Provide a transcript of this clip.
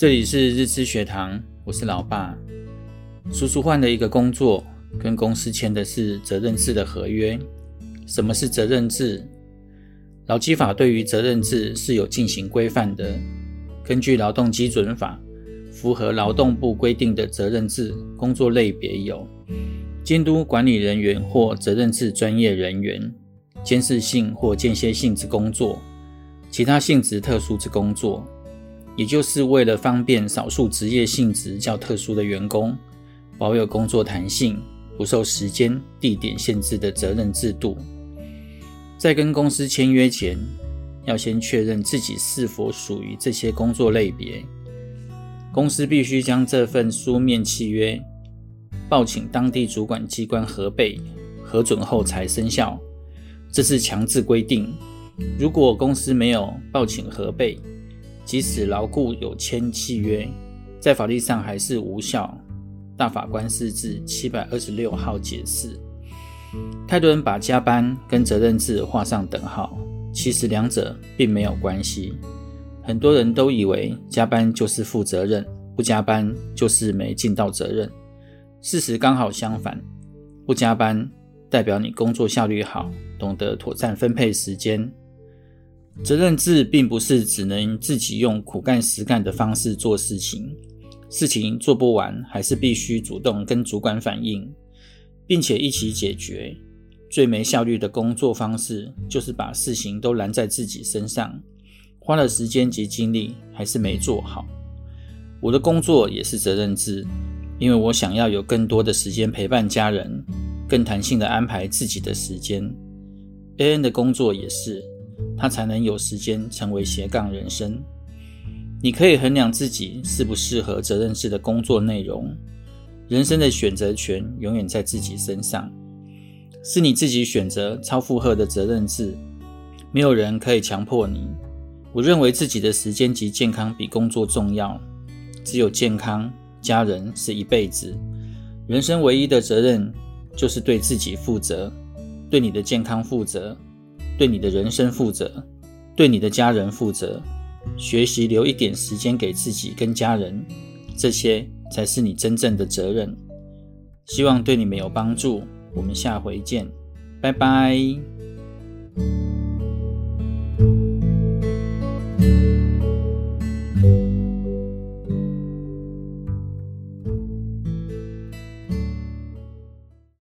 這裡是日知學堂，我是老爸。叔叔換了一個工作，跟公司簽的是責任制的合約。什麼是責任制？勞基法對於責任制是有進行規範的。根據勞動基準法，符合勞動部規定的責任制工作類別有：監督管理人員或責任制專業人員、監視性或間歇性之工作、其他性質特殊之工作。也就是為了方便少數職業性質較特殊的員工，保有工作彈性，不受時間、地點限制的責任制度，在跟公司簽約前，要先確認自己是否屬於這些工作類別。公司必須將這份書面契約報請當地主管機關核備，核准後才生效，這是強制規定。如果公司沒有報請核備，即使勞雇有簽契約，在法律上還是無效。大法官釋字第七百二十六號解釋。太多人把加班跟責任制畫上等號，其實兩者並沒有關係。很多人都以為加班就是負責任，不加班就是沒盡到責任。事實剛好相反，不加班代表你工作效率好，懂得妥善分配時間。責任制並不是只能自己用苦幹實幹的方式做事情，事情，事情做不完還是必須主動跟主管反映，並且一起解決。最沒效率的工作方式就是把事情都攬在自己身上，花了時間及精力還是沒做好。我的工作也是責任制，因為我想要有更多的時間陪伴家人，更彈性地安排自己的時間。A N 的工作也是。他才能有時間成為斜槓人生。你可以衡量自己適不適合責任制的工作內容。人生的選擇權永遠在自己身上，是你自己選擇超負荷的責任制，沒有人可以強迫你。我認為自己的時間及健康比工作重要。只有健康、家人是一輩子。人生唯一的責任就是對自己負責，對你的健康負責。對你的人生負責，對你的家人負責，學習留一點時間給自己跟家人，這些才是你真正的責任。希望對你們有幫助，我們下回見，拜拜。